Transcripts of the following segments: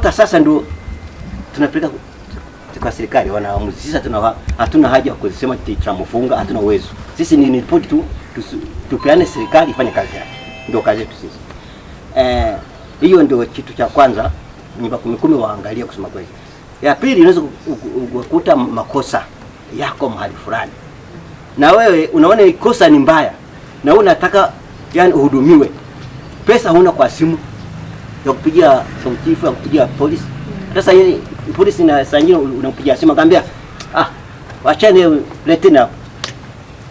Hata sasa ndio tunapeleka kwa serikali wanaamuzi. Sisi hatuna hatuna haja ya kusema tutamfunga, hatuna uwezo. Sisi ni report tu, tupeane serikali ifanye kazi yake, ndio kazi yetu sisi. Eh, hiyo ndio kitu cha kwanza, nyumba kumi kumi kusema kweli. Ya pili, unaweza kukuta makosa yako mahali fulani, na wewe unaona kosa ni mbaya, na wewe unataka yani uhudumiwe, pesa huna kwa simu ya kupigia so chief ya kupigia polisi. Sasa yeye polisi na saa nyingine unampigia simu akamwambia ah, wachane letina.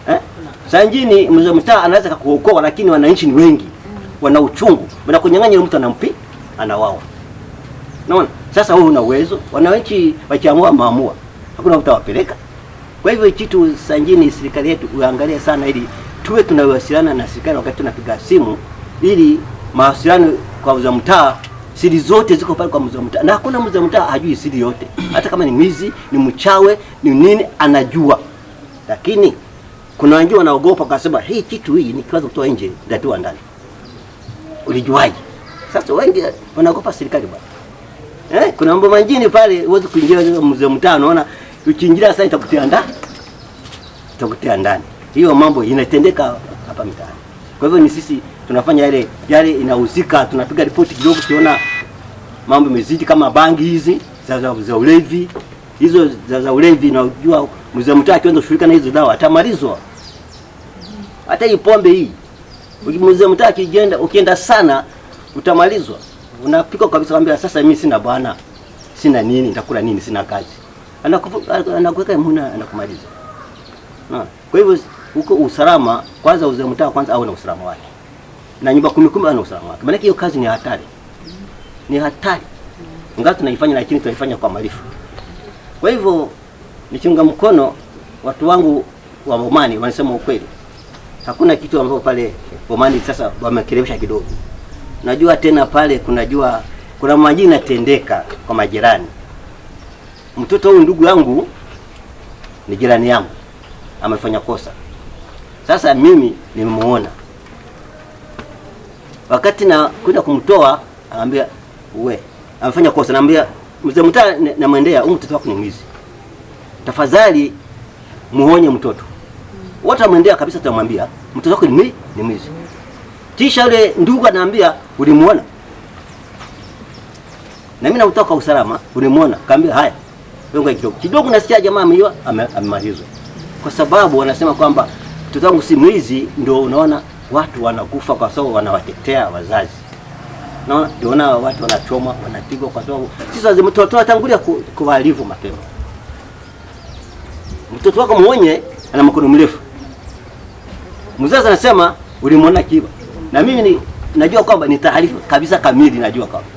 Eh? Saa nyingine mzee mtaa anaweza kukuokoa, lakini wananchi ni wengi. Wana uchungu. Bila kunyang'anya mtu anampi anawao. Unaona? Sasa wewe una uwezo, wananchi wakiamua maamua. Hakuna utawapeleka. Kwa hivyo kitu saa nyingine serikali yetu uangalie sana ili tuwe tunawasiliana na serikali wakati tunapiga simu ili mawasiliano kwa mzee mtaa, siri zote ziko pale kwa mzee mtaa, na hakuna mzee mtaa hajui siri yote. Hata kama ni mwizi, ni mchawe, ni nini, anajua. Lakini kuna wengine wanaogopa, wakasema hii kitu hii nikiwaza kutoa nje nitatoa ndani. Ulijuaje? Sasa wengi wanaogopa serikali bwana. Eh, kuna mambo mengine pale uweze kuingia mzee mtaa, unaona ukiingia sasa itakutia ndani, itakutia ndani. Hiyo mambo inatendeka hapa mtaani, kwa hivyo ni sisi tunafanya yale yale inahusika, tunapiga ripoti kidogo, tukiona mambo imezidi, kama bangi hizi za za ulevi hizo za za ulevi. Najua mzee mtaa akianza kushughulika na hizo dawa atamalizwa. Hata hii pombe hii mzee mtaa akienda, ukienda sana utamalizwa, unapika kabisa, kwambia sasa mimi sina bwana, sina nini, nitakula nini, sina kazi, anakuweka muna, anakumaliza. Kwa hivyo huko usalama kwanza, mzee mtaa kwanza au na usalama wake na nyumba kumi kumi ana usalama wake. Maana hiyo kazi ni hatari, ni hatari ingawa tunaifanya, lakini tunaifanya kwa maarifa. Kwa hivyo nichunga mkono watu wangu wa Bomani, wanasema ukweli, hakuna kitu ambacho pale Bomani sasa wamekerebesha kidogo. Najua tena pale kunajua kuna majina tendeka kwa majirani. Mtoto huyu ndugu yangu ni jirani yangu amefanya kosa, sasa mimi nimemuona Wakati na kwenda kumtoa, anamwambia we amefanya kosa, anamwambia mzee mtaa, namwendea huyu mtoto wako ni mwizi, tafadhali muonye mtoto. Wote amwendea kabisa, tutamwambia mtoto wako ni ni mwizi. Kisha yule ndugu anaambia ulimuona, na mimi namtoka usalama, ulimuona? Kaambia haya wewe kidogo kidogo, nasikia jamaa ameiwa, amemalizwa, kwa sababu wanasema kwamba mtoto wangu si mwizi, ndio unaona watu wanakufa kwa sababu wanawatetea wazazi. Naona tuona watu wanachoma, wanapigwa kwa sababu sisi wazazi. Mtoto atangulia kuwaalivu mapema. Mtoto wako mwenye ana mkono mrefu, mzazi anasema ulimwona kiba, na mimi ni najua kwamba ni taarifa kabisa kamili, najua kwamba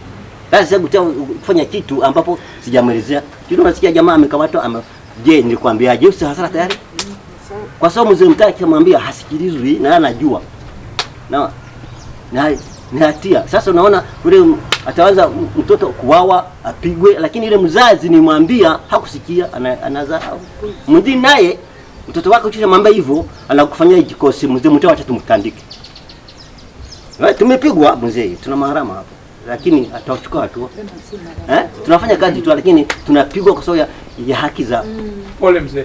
basi sababu kufanya kitu ambapo sijamwelezea kitu. Unasikia jamaa amekamatwa, ame, je, nilikwambia je? Usi hasara tayari, kwa sababu mzee mtaki kumwambia hasikilizwi na anajua na na ni hatia. Sasa unaona ule ataanza mtoto kuwawa apigwe, lakini yule mzazi nimwambia hakusikia, anazaa mzee naye mtoto wake uchisha mamba hivyo anakufanyia jikosi mzee, mtoto acha tumtandike. Tumepigwa mzee, tuna maharama hapo, lakini atachukua hatua eh, tunafanya kazi tu, lakini tunapigwa kwa sababu ya haki za mm. pole mzee.